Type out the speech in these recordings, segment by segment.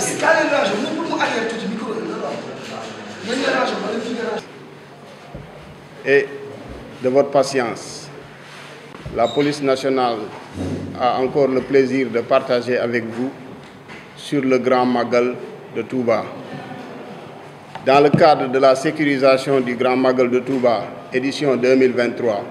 si kaa leen La police nationale a encore le plaisir de partager avec vous sur le Grand Magal de Touba. Dans le cadre de la sécurisation du Grand Magal de Touba, édition 2023,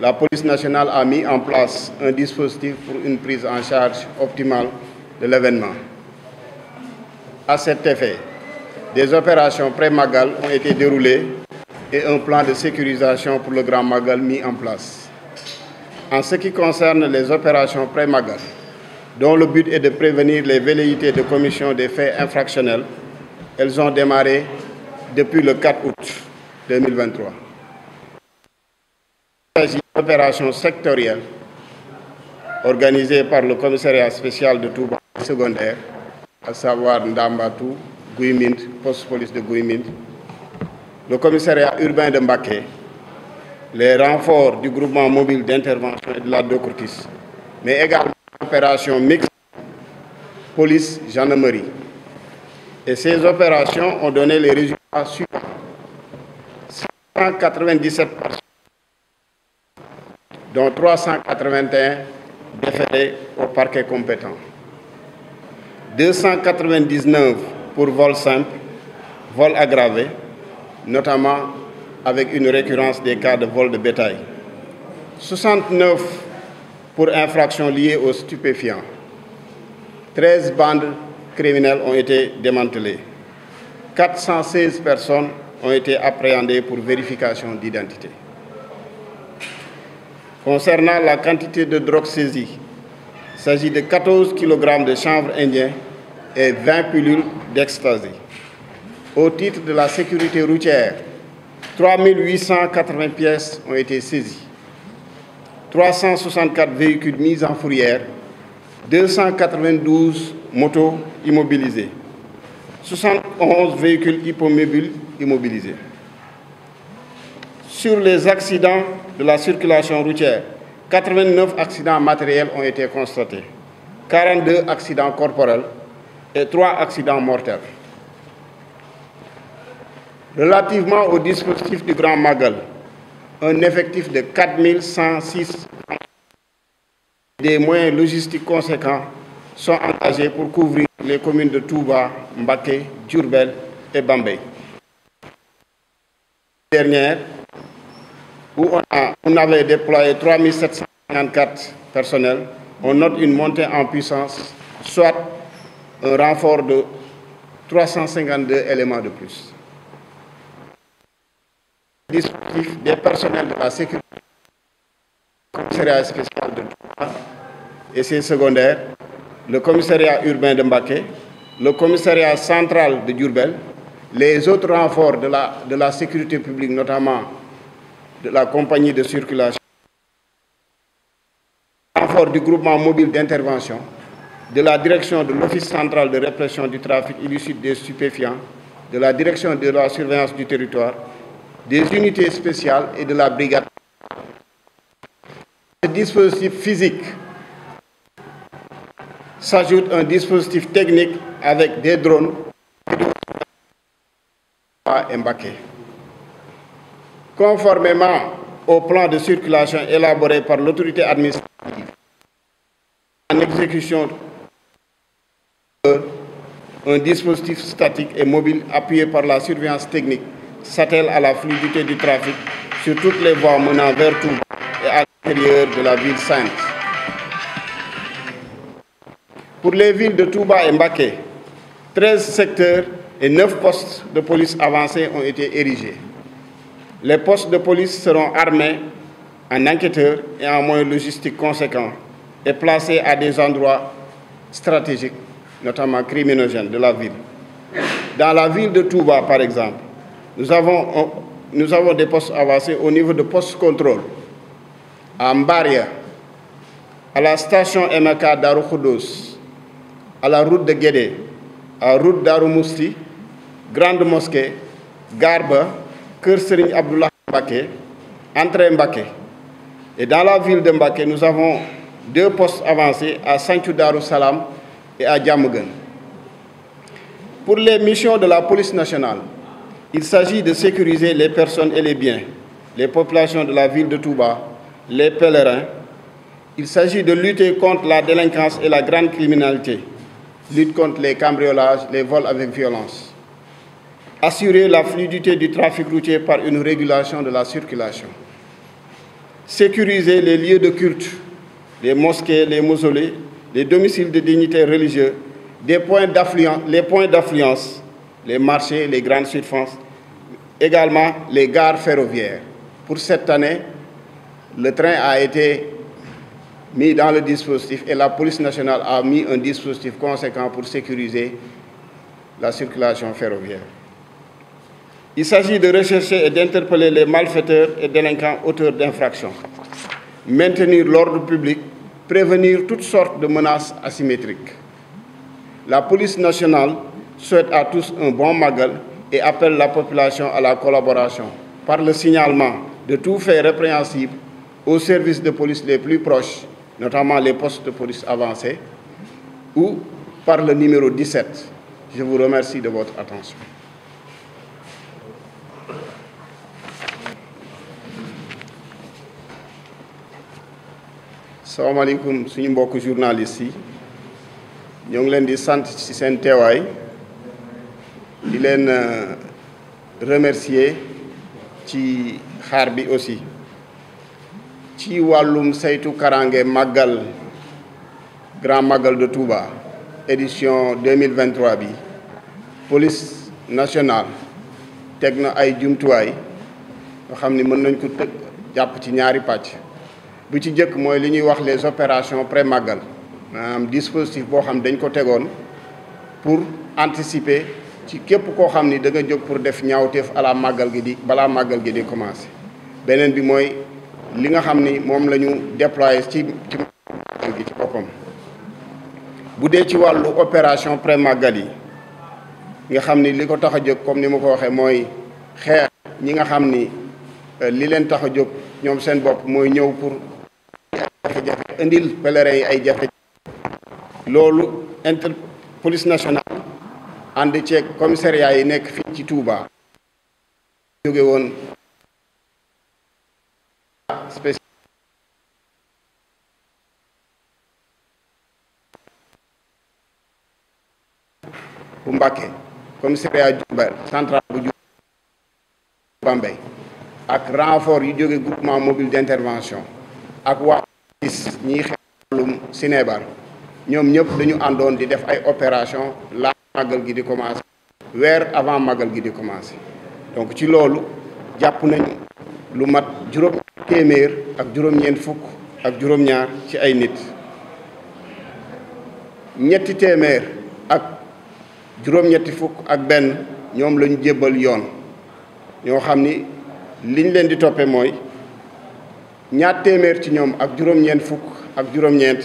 la police nationale a mis en place un dispositif pour une prise en charge optimale de l'événement. À cet effet, des opérations pré-Magal ont été déroulées et un plan de sécurisation pour le Grand Magal mis en place. En ce qui concerne les opérations pré-Magal, dont le but est de prévenir les velléités de commission des faits infractionnels, elles ont démarré depuis le 4 août 2023. Il s'agit d'opérations sectorielles organisées par le commissariat spécial de Touba secondaire à savoir Ndambatou, Guimint, poste de Guimint, le commissariat urbain de Mbaké, les renforts du groupement mobile d'intervention et de la Docourtis, mais également l'opération mixte police-gendarmerie. Et ces opérations ont donné les résultats suivants. 197 personnes, dont 381 déférés au parquet compétent. 299 pour vol simple, vol aggravé, notamment avec une récurrence des cas de vol de bétail. 69 pour infractions liées aux stupéfiants. 13 bandes criminelles ont été démantelées. 416 personnes ont été appréhendées pour vérification d'identité. Concernant la quantité de drogue saisie, Il s'agit de 14 de chanvre indien et 20 pilules d'ecstasy. Au titre de la sécurité routière, 3880 pièces ont été saisies, 364 véhicules mis en fourrière, 292 motos immobilisées, 71 véhicules hippomobiles immobilisés. Sur les accidents de la circulation routière, 89 accidents matériels ont été constatés, 42 accidents corporels et 3 accidents mortels. Relativement au dispositif du Grand Magal, un effectif de 4106 des moyens logistiques conséquents sont engagés pour couvrir les communes de Touba, Mbaké, Durbel et Bambay. où on, it on avait déployé 3754 personnels, on note une montée en puissance, soit un de 352 éléments de des personnels de la sécurité, commissariat spécial de Touba et ses le commissariat urbain de Mbaké, le commissariat central de Durbel, les autres renforts de la, de la sécurité publique, notamment de la compagnie de circulation. renfort du groupement mobile d'intervention de la direction de l'Office central de répression du trafic illicite des stupéfiants, de la direction de la surveillance du territoire, des unités spéciales et de la brigade. Ce dispositif physique s'ajoute un dispositif technique avec des drones et embarqués. conformément au plan de circulation élaboré par l'autorité administrative en exécution un dispositif statique et mobile appuyé par la surveillance technique s'attelle à la fluidité du trafic sur toutes les voies menant vers Touba et à l'intérieur de la ville sainte. Pour les villes de Touba et Mbaké, 13 secteurs et 9 postes de police avancés ont été érigés. Les postes de police seront armés en enquêteurs et en moyens logistiques conséquents et placés à des endroits stratégiques, notamment criminogènes de la ville. Dans la ville de Touba, par exemple, nous avons, euh, des postes avancés au niveau de postes contrôle, à Mbaria, à la station MK d'Aroukoudos, à la route de Guédé, à la route d'Aroumousti, Grande Mosquée, Garba, Kër Serigne Abdullah Mbaké, entrée Mbaké. Et dans la ville de Mbaké, nous avons deux postes avancés à Sanchu Darou Salam et à Djamugan. Pour les missions de la police nationale, il s'agit de sécuriser les personnes et les biens, les populations de la ville de Touba, les pèlerins. Il s'agit de lutter contre la délinquance et la grande criminalité, lutte contre les cambriolages, les vols avec violence. assurer la fluidité du trafic routier par une régulation de la circulation, sécuriser les lieux de culte, les mosquées, les mausolées, les domiciles de dignitaires religieux, des points les points d'affluence, les marchés, les grandes surfaces, également les gares ferroviaires. Pour cette année, le train a été mis dans le dispositif et la police nationale a mis un dispositif conséquent pour sécuriser la circulation ferroviaire. Il s'agit de rechercher et d'interpeller les malfaiteurs et délinquants auteurs d'infractions, maintenir l'ordre public, prévenir toutes sortes de menaces asymétriques. La police nationale souhaite à tous un bon magal et appelle la population la collaboration par le signalement de tout fait répréhensible aux services de police les plus proches, notamment les postes de police avancés, ou par le numéro 17. Je vous remercie de votre attention. salaamaaleykum suñu mbokku journaliste yi ñoo ngi leen di sant ci seen teewaay di leen euh, remercier ci xaar bi aussi ci wàllum saytu karange màggal grand màggal de Touba édition 2023 bi police nationale teg na ay jumtuwaay yoo xam ni mën nañ ko tëg jàpp ci ñaari pàcc bu ci njëkk mooy li ñuy wax les opérations pré-màggal maanaam dispositif boo xam dañ ko tegoon pour anticiper ci képp koo xam ni da nga jóg pour def ñaawteef alaa màggal gi di balaa màggal gi di commencé beneen bi mooy li nga xam ni moom lañu ñu ci ci màggal gi ci boppam bu dee ci wàllu opération pré màggal yi nga xam ni li ko tax a jóg comme ni ma ko waxee mooy xeex ñi nga xam ni euh, li leen tax a jóg ñoom seen bopp mooy ñëw pour jafe indil pèlerins yi ay jafe loolu inter police nationale ànd ceeg commissariat yi nekk fii ci Touba jóge woon spécial bu Mbacké commissariat Diourbel central bu Diourbel Bambey ak renfort yu jóge groupement mobile d'intervention ak waa gis ñiy xelum Sinébar ñoom ñëpp dañu àndoon di def ay opération la màggal gi di commencé weer avant màggal gi di commencé donc ci loolu jàpp nañu lu mat juróom téeméer ak juróom fukk ak juróom-ñaar ci ay nit ñetti téeméer ak juróom-ñetti fukk ak benn ñoom la ñu jébbal yoon ñoo xam ni liñ leen di toppee mooy ñaar téeméer ci ñoom ak juróom-ñeent fukk ak juróom-ñeent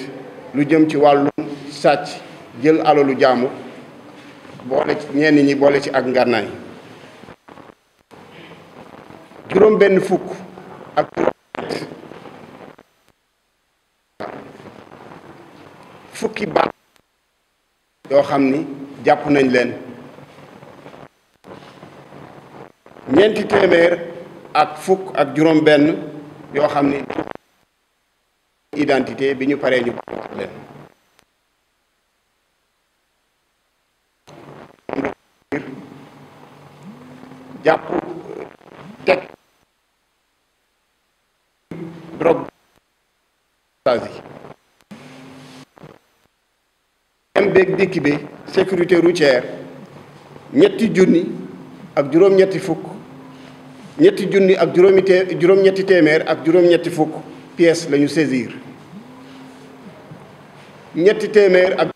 lu jëm ci wàllum sàcc jël alalu jaamu boole ci ñenn ñi boole ci ak ngànnaay juróom benn fukk ak juróom fukki ban yoo xam ni jàpp nañ leen ñeenti téeméer ak fukk ak juróom benn yoo xam ni identité bi ñu paree ñu wax leen jàpp teg drogue yi dem dikk bi sécurité routière ñetti junni ak juróom-ñetti fukk ñetti junni ak juróomi tee juróom-ñetti téeméer ak juróom-ñetti fukk pièces lañu ñu saisir ñetti téeméer ak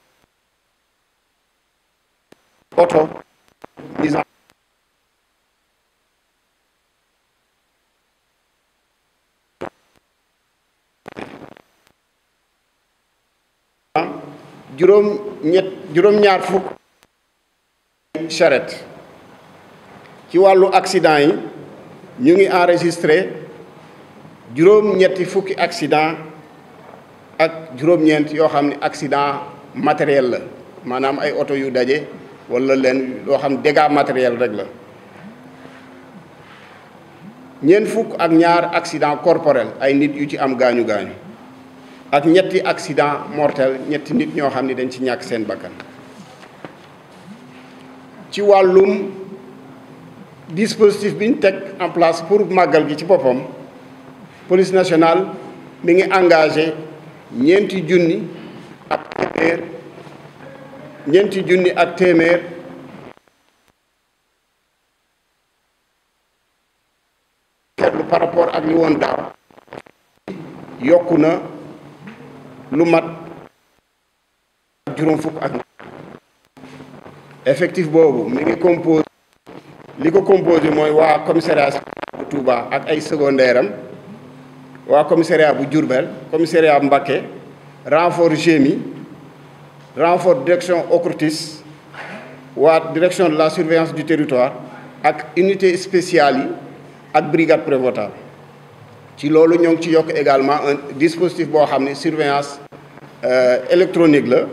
oto nissan juróom ñett juróom-ñaar fukk charrette ci wàllu accident yi ñu ngi enregistré juróom-ñetti fukki accident ak juróom-ñeent yoo xam ne accident matériel la maanaam ay oto yu daje wala leen yoo xam dégâts matériel rek la ñeent fukk ak ñaar accident corporel ay nit yu ci am gaañu gaañu ak ñetti accident mortel ñetti nit ñoo xam ne dañ ci ñàkk seen bakkan ci wàllum dispositif bi ñu teg en place pour màggal gi ci boppam police nationale mi ngi engagé ñeenti junni ak téeméer ñeenti junni ak téeméer par rapport ak li woon daaw yokku na lu mat juróom fukk ak effectif boobu mi ngi composé li ko composé mooy waa commissariat bu Touba ak ay secondaire am waa commissariat bu Diourbel commissariat Mbacké renfort GMI renfort direction OCRTIS waa direction de la surveillance du territoire ak unité spéciale yi ak brigade prévôtale ci loolu ñoo ngi ci yokk également un dispositif boo xam ne surveillance euh, électronique la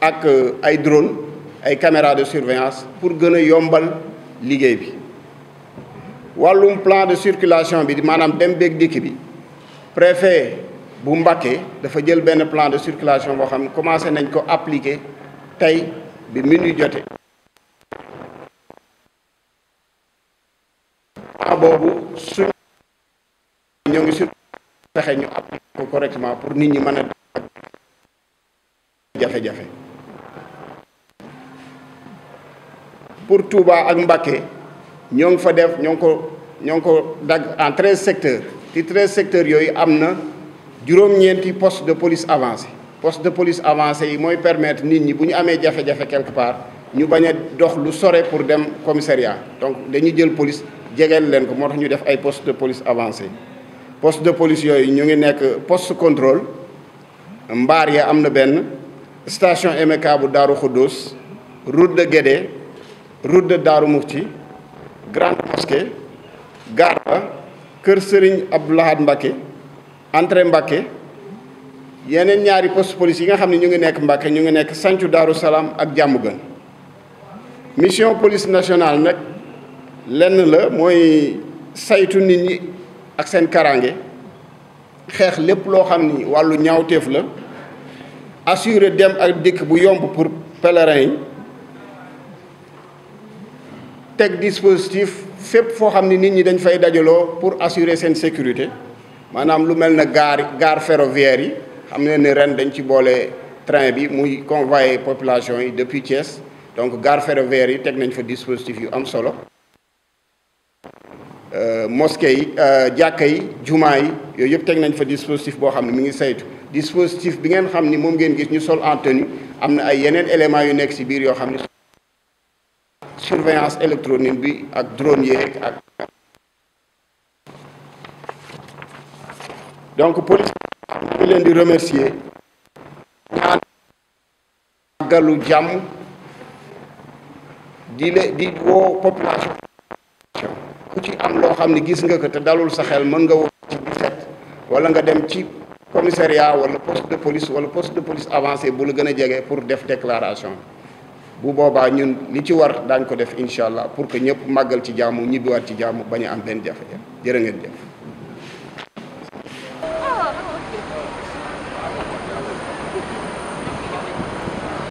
ak euh, ay drone ay caméra de surveillance pour gën a yombal liggéey bi wàllum plan de circulation bi maanaam dem beeg dikk bi préfet bu Mbacké dafa jël benn plan de circulation boo xam ne commencé nañ ko appliquer tey bi minuit jotee. boobu suñ ñoo ngi sur fexe ñu appliquer ko pour nit ñi mën a jafe-jafe. pour Touba ak Mbacké ñoo ngi fa def ñoo ngi ko ñoo ngi ko dagg en treize secteur ci treize secteurs yooyu am na juróom-ñeenti poste de police avancé poste de police avancé yi mooy permettre nit ñi bu ñu amee jafe-jafe quelque part ñu bañ a dox lu sore pour dem commissariat donc dañuy jël police jegeel leen ko moo tax ñu def ay poste de police avancé poste de police yooyu ñu ngi nekk poste contrôle mbaar ya am na benn station MK bu Daaru Xuddoos route de Guédé route de Darou Moufti grande mosquée gare ba kër sëriñ ab Lahad Mbacké entrée Mbacké yeneen ñaari post police yi nga xam ne ñu ngi nekk Mbacké ñu ngi nekk Santhiou Darou Salam ak Diamaguène mission police nationale nag lenn la mooy saytu nit ñi ak seen karaange xeex lépp loo xam ni wàllu ñaawteef la assurer dem ak dikk bu yomb pour pèlerin yi teg dispositif fépp foo xam ne nit ñi dañ fay dajaloo pour assurer seen sécurité maanaam lu mel na gaar gaar ferroviaire yi xam ne ni ren dañ ci boole train bi muy convoyer population yi depuis Thiès donc gaar ferroviaire yi teg nañ fa dispositif yu am solo euh, mosquée yi euh, jàkka yi jumaa yi yooyu yëpp teg nañ fa dispositif boo xam ne mu ngi saytu dispositif bi ngeen xam ni moom ngeen gis ñu sol en am na ay yeneen éléments yu nekk ci biir yoo xam ne surveillance électronique bi ak drone yeeg ak donc police ñu leen di remercier ñaan màggalu jàmm di le di woo population ku ci am loo xam ne gis nga ko te dalul sa xel mën nga woo ci 17 wala nga dem ci commissariat wala poste de police wala poste de police avancé bu la gën a jege pour def déclaration bu boobaa ñun li ci war daañ ko def incha allah pour que ñëpp màggal ci jaamu ñibbiwaat ci jaamu bañ a am benn jafe-jafe jërë ngeen